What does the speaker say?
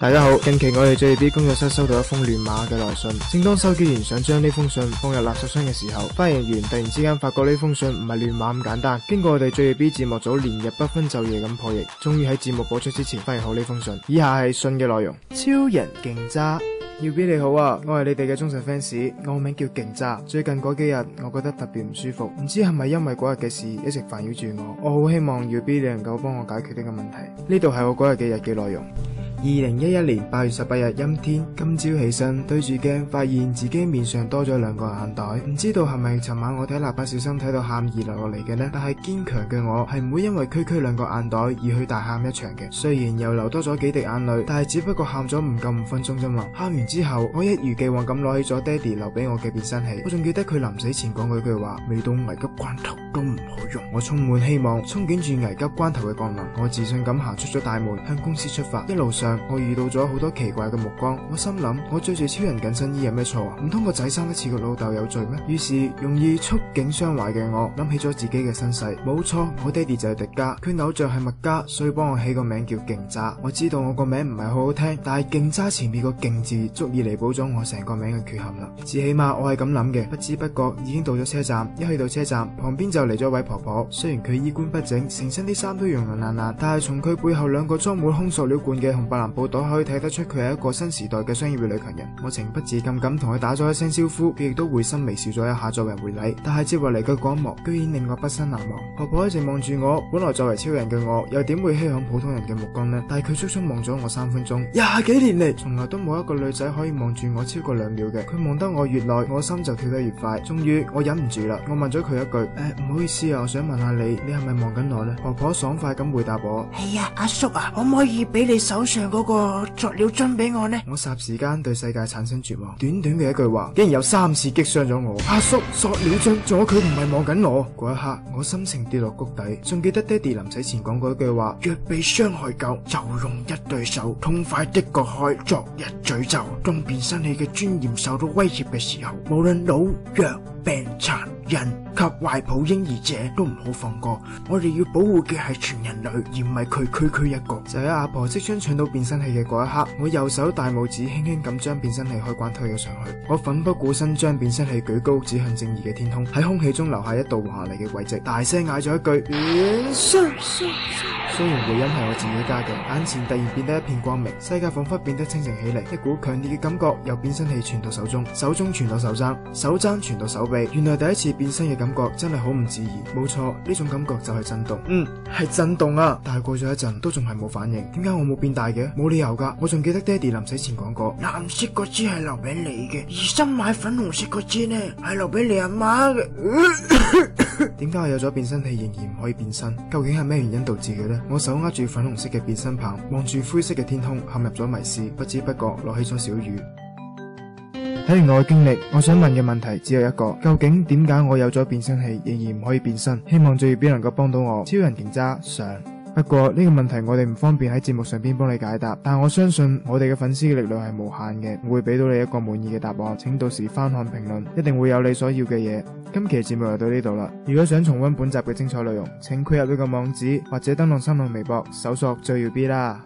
大家好，近期我哋最耀 B 工作室收到一封亂碼嘅來信，正當收件員想將呢封信放入垃圾箱嘅時候，發言員突然之間發覺呢封信唔係亂碼咁簡單，經過我哋最耀 B 節目組連日不分晝夜咁破譯，終於喺節目播出之前翻譯好呢封信。以下係信嘅內容：超人勁渣。耀 B 你好啊！我係你哋嘅忠實 fans，我名叫勁渣。最近嗰幾日，我覺得特別唔舒服，唔知係咪因為嗰日嘅事一直煩擾住我。我好希望耀 B 你能夠幫我解決呢個問題。呢度係我嗰日嘅日記內容。二零一一年八月十八日陰天。今朝起身對住鏡，發現自己面上多咗兩個眼袋，唔知道係咪尋晚我睇《蠟筆小新》睇到喊而流落嚟嘅呢？但係堅強嘅我係唔會因為區區兩個眼袋而去大喊一場嘅。雖然又流多咗幾滴眼淚，但係只不過喊咗唔夠五分鐘啫嘛。喊完之後，我一如既往咁攞起咗爹哋留俾我嘅變身器。我仲記得佢臨死前講嗰句話：未到危急關頭都唔好用。我充滿希望，憧憬住危急關頭嘅降臨，我自信咁行出咗大門，向公司出發。一路上。我遇到咗好多奇怪嘅目光，我心諗我着住超人緊身衣有咩錯啊？唔通個仔生得似個老豆有罪咩？於是容易觸景傷懷嘅我諗起咗自己嘅身世，冇錯，我爹哋就係迪加，佢偶像係麥家，所以幫我起個名叫勁渣。我知道我個名唔係好好聽，但係勁渣前面個勁字足以彌補咗我成個名嘅缺陷啦。至起碼我係咁諗嘅，不知不覺已經到咗車站。一去到車站旁邊就嚟咗位婆婆，雖然佢衣冠不整，成身啲衫都容容爛爛，但係從佢背後兩個裝滿空塑料罐嘅紅白。男報導可以睇得出佢係一個新時代嘅商業女強人，我情不自禁咁同佢打咗一聲招呼，佢亦都會心微笑咗一下作為回禮。但係接落嚟嘅嗰一幕，居然令我畢生難忘。婆婆一直望住我，本來作為超人嘅我，又點會稀罕普通人嘅目光呢？但係佢足足望咗我三分鐘，廿幾年嚟，從來都冇一個女仔可以望住我超過兩秒嘅。佢望得我越耐，我心就跳得越快。終於我忍唔住啦，我問咗佢一句：「誒，唔好意思啊，我想問下你，你係咪望緊我呢？」婆婆爽快咁回答我：係、哎、呀，阿叔啊，可唔可以俾你手上嗰個塑料樽俾我呢？我霎時間對世界產生絕望。短短嘅一句話，竟然有三次擊傷咗我。阿叔，塑料樽仲有佢唔係望緊我。嗰一刻，我心情跌落谷底。仲記得爹哋臨死前講過一句話：若被傷害夠，就用一對手痛快的割開昨日詛咒。當變身器嘅尊嚴受到威脅嘅時候，無論老弱病殘人及懷抱嬰兒者都唔好放過。我哋要保護嘅係全人類，而唔係佢區區一個。就係阿婆即將上到。變身器嘅嗰一刻，我右手大拇指輕輕咁將變身器開關推咗上去，我奮不顧身將變身器舉高，指向正義嘅天空，喺空氣中留下一道華麗嘅軌跡，大聲嗌咗一句，yes 雖然回音係我自己加嘅，眼前突然變得一片光明，世界仿佛變得清淨起嚟，一股強烈嘅感覺由變身器傳到手中，手中傳到手踭，手踭傳到手臂，原來第一次變身嘅感覺真係好唔自然。冇錯，呢種感覺就係震動，嗯，係震動啊！但係過咗一陣都仲係冇反應，點解我冇變大嘅？冇理由噶，我仲記得爹哋臨死前講過，藍色嗰支係留俾你嘅，而新買粉紅色嗰支呢係留俾你阿媽嘅。點 解我有咗變身器仍然唔可以變身？究竟係咩原因導致嘅呢？我手握住粉紅色嘅變身棒，望住灰色嘅天空，陷入咗迷思，不知不覺落起咗小雨。睇完我嘅經歷，我想問嘅問題只有一個：究竟點解我有咗變身器，仍然唔可以變身？希望最耀 B 能夠幫到我。超人勁渣上。不過呢個問題我哋唔方便喺節目上邊幫你解答，但我相信我哋嘅粉絲嘅力量係無限嘅，我會俾到你一個滿意嘅答案，請到時翻看評論，一定會有你所要嘅嘢。今期節目就到呢度啦，如果想重溫本集嘅精彩內容，請輸入呢個網址或者登錄新浪微博搜索最耀 B 啦。